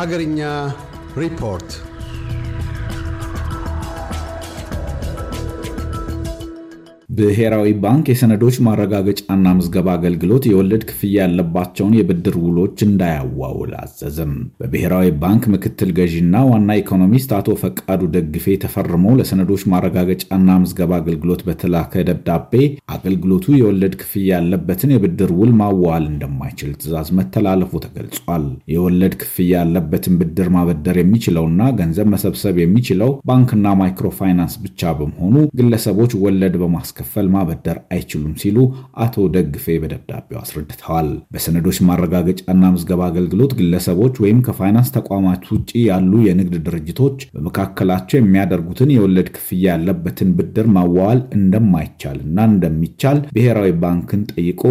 Hagernya Report ብሔራዊ ባንክ የሰነዶች ማረጋገጫና ምዝገባ አገልግሎት የወለድ ክፍያ ያለባቸውን የብድር ውሎች እንዳያዋውል አዘዘም። በብሔራዊ ባንክ ምክትል ገዢና ዋና ኢኮኖሚስት አቶ ፈቃዱ ደግፌ ተፈርሞ ለሰነዶች ማረጋገጫና ምዝገባ አገልግሎት በተላከ ደብዳቤ አገልግሎቱ የወለድ ክፍያ ያለበትን የብድር ውል ማዋዋል እንደማይችል ትዕዛዝ መተላለፉ ተገልጿል። የወለድ ክፍያ ያለበትን ብድር ማበደር የሚችለውና ገንዘብ መሰብሰብ የሚችለው ባንክና ማይክሮፋይናንስ ብቻ በመሆኑ ግለሰቦች ወለድ በማስከፈል በመክፈል ማበደር አይችሉም ሲሉ አቶ ደግፌ በደብዳቤው አስረድተዋል። በሰነዶች ማረጋገጫና ምዝገባ አገልግሎት ግለሰቦች ወይም ከፋይናንስ ተቋማት ውጭ ያሉ የንግድ ድርጅቶች በመካከላቸው የሚያደርጉትን የወለድ ክፍያ ያለበትን ብድር ማዋዋል እንደማይቻል እና እንደሚቻል ብሔራዊ ባንክን ጠይቆ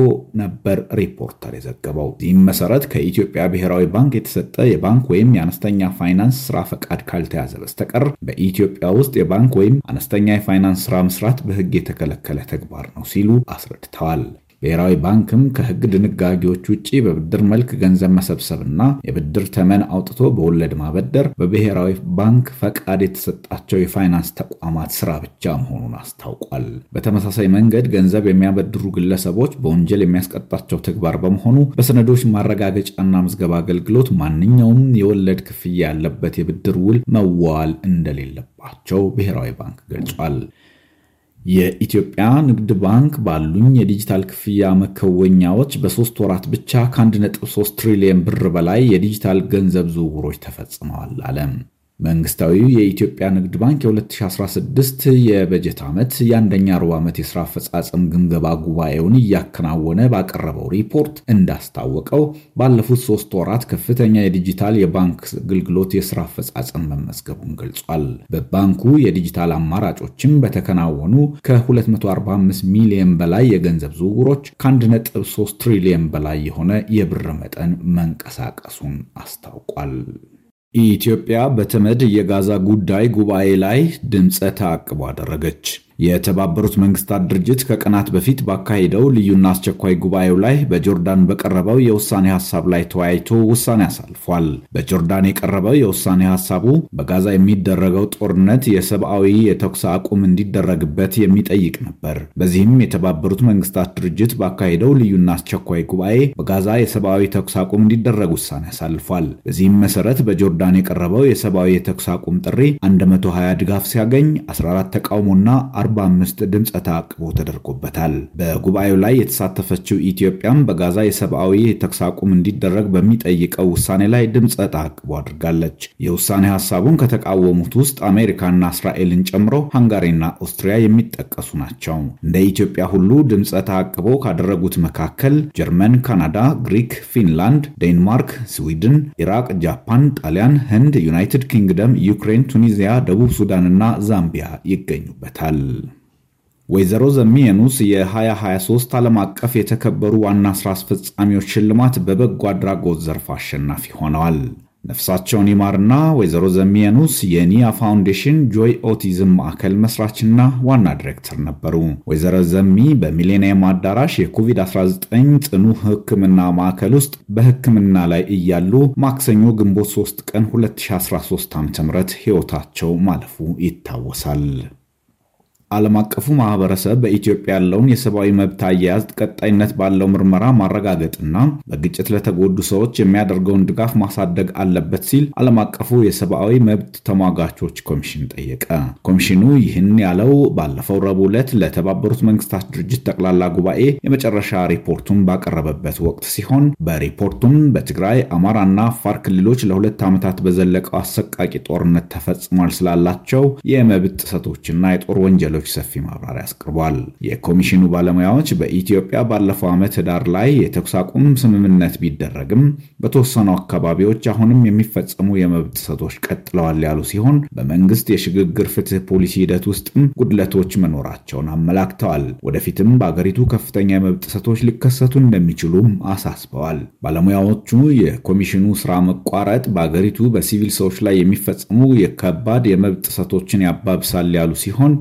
ነበር ሪፖርተር የዘገበው። ይህም መሰረት ከኢትዮጵያ ብሔራዊ ባንክ የተሰጠ የባንክ ወይም የአነስተኛ ፋይናንስ ስራ ፈቃድ ካልተያዘ በስተቀር በኢትዮጵያ ውስጥ የባንክ ወይም አነስተኛ የፋይናንስ ስራ መስራት በሕግ የተከለከለ የተከለከለ ተግባር ነው ሲሉ አስረድተዋል። ብሔራዊ ባንክም ከሕግ ድንጋጌዎች ውጭ በብድር መልክ ገንዘብ መሰብሰብና የብድር ተመን አውጥቶ በወለድ ማበደር በብሔራዊ ባንክ ፈቃድ የተሰጣቸው የፋይናንስ ተቋማት ስራ ብቻ መሆኑን አስታውቋል። በተመሳሳይ መንገድ ገንዘብ የሚያበድሩ ግለሰቦች በወንጀል የሚያስቀጣቸው ተግባር በመሆኑ በሰነዶች ማረጋገጫና ምዝገባ አገልግሎት ማንኛውም የወለድ ክፍያ ያለበት የብድር ውል መዋዋል እንደሌለባቸው ብሔራዊ ባንክ ገልጿል። የኢትዮጵያ ንግድ ባንክ ባሉኝ የዲጂታል ክፍያ መከወኛዎች በሶስት ወራት ብቻ ከ1.3 ትሪሊየን ብር በላይ የዲጂታል ገንዘብ ዝውውሮች ተፈጽመዋል አለም። መንግስታዊው የኢትዮጵያ ንግድ ባንክ የ2016 የበጀት ዓመት የአንደኛ ሩብ ዓመት የሥራ አፈጻጸም ግምገማ ጉባኤውን እያከናወነ ባቀረበው ሪፖርት እንዳስታወቀው ባለፉት ሶስት ወራት ከፍተኛ የዲጂታል የባንክ አገልግሎት የሥራ አፈጻጸም መመዝገቡን ገልጿል። በባንኩ የዲጂታል አማራጮችም በተከናወኑ ከ245 ሚሊዮን በላይ የገንዘብ ዝውውሮች ከ1.3 ትሪሊዮን በላይ የሆነ የብር መጠን መንቀሳቀሱን አስታውቋል። ኢትዮጵያ በተመድ የጋዛ ጉዳይ ጉባኤ ላይ ድምፀ ተአቅቦ አደረገች። የተባበሩት መንግስታት ድርጅት ከቀናት በፊት ባካሄደው ልዩና አስቸኳይ ጉባኤው ላይ በጆርዳን በቀረበው የውሳኔ ሀሳብ ላይ ተወያይቶ ውሳኔ አሳልፏል። በጆርዳን የቀረበው የውሳኔ ሀሳቡ በጋዛ የሚደረገው ጦርነት የሰብአዊ የተኩስ አቁም እንዲደረግበት የሚጠይቅ ነበር። በዚህም የተባበሩት መንግስታት ድርጅት ባካሄደው ልዩና አስቸኳይ ጉባኤ በጋዛ የሰብአዊ ተኩስ አቁም እንዲደረግ ውሳኔ አሳልፏል። በዚህም መሰረት በጆርዳን የቀረበው የሰብአዊ የተኩስ አቁም ጥሪ 120 ድጋፍ ሲያገኝ 14 ተቃውሞና 45 ድምፀ ተአቅቦ ተደርጎበታል። በጉባኤው ላይ የተሳተፈችው ኢትዮጵያም በጋዛ የሰብአዊ የተኩስ አቁም እንዲደረግ በሚጠይቀው ውሳኔ ላይ ድምፀ ተአቅቦ አድርጋለች። የውሳኔ ሀሳቡን ከተቃወሙት ውስጥ አሜሪካና እስራኤልን ጨምሮ ሃንጋሪና ኦስትሪያ የሚጠቀሱ ናቸው። እንደ ኢትዮጵያ ሁሉ ድምፀ ተአቅቦ ካደረጉት መካከል ጀርመን፣ ካናዳ፣ ግሪክ፣ ፊንላንድ፣ ዴንማርክ፣ ስዊድን፣ ኢራቅ፣ ጃፓን፣ ጣሊያን፣ ህንድ፣ ዩናይትድ ኪንግደም፣ ዩክሬን፣ ቱኒዚያ፣ ደቡብ ሱዳንና ዛምቢያ ይገኙበታል። ወይዘሮ ዘሚየኑስ የ2023 ዓለም አቀፍ የተከበሩ ዋና ሥራ አስፈጻሚዎች ሽልማት በበጎ አድራጎት ዘርፍ አሸናፊ ሆነዋል። ነፍሳቸውን ይማርና ወይዘሮ ዘሚየኑስ የኒያ ፋውንዴሽን ጆይ ኦቲዝም ማዕከል መስራችና ዋና ዲሬክተር ነበሩ። ወይዘሮ ዘሚ በሚሌኒየም አዳራሽ የኮቪድ-19 ጽኑ ሕክምና ማዕከል ውስጥ በሕክምና ላይ እያሉ ማክሰኞ ግንቦት 3 ቀን 2013 ዓ.ም ሕይወታቸው ማለፉ ይታወሳል። ዓለም አቀፉ ማህበረሰብ በኢትዮጵያ ያለውን የሰብአዊ መብት አያያዝ ቀጣይነት ባለው ምርመራ ማረጋገጥና በግጭት ለተጎዱ ሰዎች የሚያደርገውን ድጋፍ ማሳደግ አለበት ሲል ዓለም አቀፉ የሰብአዊ መብት ተሟጋቾች ኮሚሽን ጠየቀ። ኮሚሽኑ ይህን ያለው ባለፈው ረቡዕ ዕለት ለተባበሩት መንግስታት ድርጅት ጠቅላላ ጉባኤ የመጨረሻ ሪፖርቱን ባቀረበበት ወቅት ሲሆን በሪፖርቱም በትግራይ አማራና አፋር ክልሎች ለሁለት ዓመታት በዘለቀው አሰቃቂ ጦርነት ተፈጽሟል ስላላቸው የመብት ጥሰቶችና የጦር ወንጀሎች ሌሎች ሰፊ ማብራሪያ አስቅርቧል። የኮሚሽኑ ባለሙያዎች በኢትዮጵያ ባለፈው ዓመት ህዳር ላይ የተኩስ አቁም ስምምነት ቢደረግም በተወሰኑ አካባቢዎች አሁንም የሚፈጸሙ የመብት ጥሰቶች ቀጥለዋል ያሉ ሲሆን በመንግስት የሽግግር ፍትህ ፖሊሲ ሂደት ውስጥም ጉድለቶች መኖራቸውን አመላክተዋል። ወደፊትም በአገሪቱ ከፍተኛ የመብት ጥሰቶች ሊከሰቱ እንደሚችሉም አሳስበዋል። ባለሙያዎቹ የኮሚሽኑ ስራ መቋረጥ በአገሪቱ በሲቪል ሰዎች ላይ የሚፈጸሙ የከባድ የመብት ጥሰቶችን ያባብሳል ያሉ ሲሆን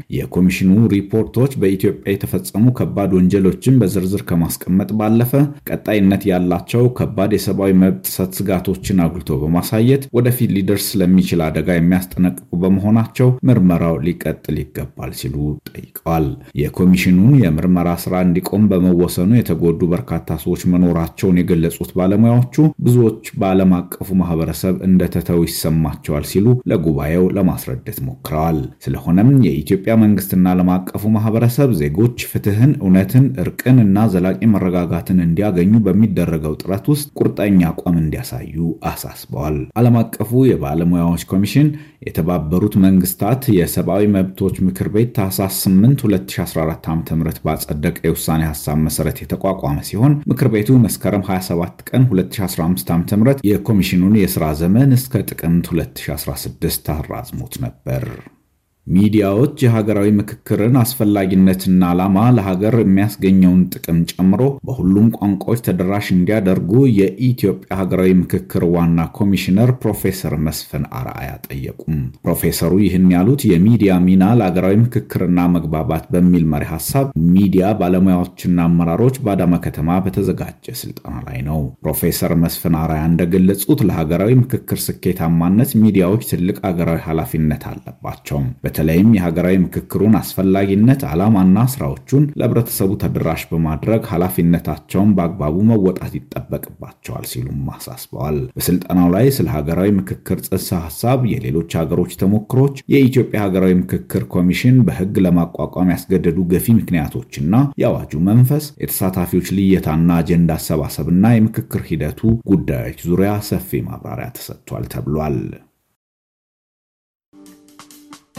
ኮሚሽኑ ሪፖርቶች በኢትዮጵያ የተፈጸሙ ከባድ ወንጀሎችን በዝርዝር ከማስቀመጥ ባለፈ ቀጣይነት ያላቸው ከባድ የሰብአዊ መብት ጥሰት ስጋቶችን አጉልቶ በማሳየት ወደፊት ሊደርስ ስለሚችል አደጋ የሚያስጠነቅቁ በመሆናቸው ምርመራው ሊቀጥል ይገባል ሲሉ ጠይቀዋል። የኮሚሽኑን የምርመራ ስራ እንዲቆም በመወሰኑ የተጎዱ በርካታ ሰዎች መኖራቸውን የገለጹት ባለሙያዎቹ ብዙዎች በዓለም አቀፉ ማህበረሰብ እንደተተው ይሰማቸዋል ሲሉ ለጉባኤው ለማስረዳት ሞክረዋል። ስለሆነም የኢትዮጵያ መንግስት መንግስትና ዓለም አቀፉ ማህበረሰብ ዜጎች ፍትህን፣ እውነትን፣ እርቅን እና ዘላቂ መረጋጋትን እንዲያገኙ በሚደረገው ጥረት ውስጥ ቁርጠኛ አቋም እንዲያሳዩ አሳስበዋል። ዓለም አቀፉ የባለሙያዎች ኮሚሽን፣ የተባበሩት መንግስታት የሰብአዊ መብቶች ምክር ቤት ታህሳስ 8 2014 ዓ.ም ባጸደቀ የውሳኔ ሀሳብ መሰረት የተቋቋመ ሲሆን ምክር ቤቱ መስከረም 27 ቀን 2015 ዓ.ም የኮሚሽኑን የስራ ዘመን እስከ ጥቅምት 2016 አራዝሞት ነበር። ሚዲያዎች የሀገራዊ ምክክርን አስፈላጊነትና ዓላማ ለሀገር የሚያስገኘውን ጥቅም ጨምሮ በሁሉም ቋንቋዎች ተደራሽ እንዲያደርጉ የኢትዮጵያ ሀገራዊ ምክክር ዋና ኮሚሽነር ፕሮፌሰር መስፍን አርአያ ጠየቁም። ፕሮፌሰሩ ይህን ያሉት የሚዲያ ሚና ለሀገራዊ ምክክርና መግባባት በሚል መሪ ሀሳብ ሚዲያ ባለሙያዎችና አመራሮች በአዳማ ከተማ በተዘጋጀ ስልጠና ላይ ነው። ፕሮፌሰር መስፍን አርአያ እንደገለጹት ለሀገራዊ ምክክር ስኬታማነት ሚዲያዎች ትልቅ ሀገራዊ ኃላፊነት አለባቸው። በተለይም የሀገራዊ ምክክሩን አስፈላጊነት ዓላማና ስራዎቹን ለህብረተሰቡ ተደራሽ በማድረግ ኃላፊነታቸውን በአግባቡ መወጣት ይጠበቅባቸዋል ሲሉም አሳስበዋል። በስልጠናው ላይ ስለ ሀገራዊ ምክክር ጽንሰ ሀሳብ፣ የሌሎች ሀገሮች ተሞክሮች፣ የኢትዮጵያ ሀገራዊ ምክክር ኮሚሽን በህግ ለማቋቋም ያስገደዱ ገፊ ምክንያቶችና የአዋጁ መንፈስ፣ የተሳታፊዎች ልየታና አጀንዳ አሰባሰብና የምክክር ሂደቱ ጉዳዮች ዙሪያ ሰፊ ማብራሪያ ተሰጥቷል ተብሏል።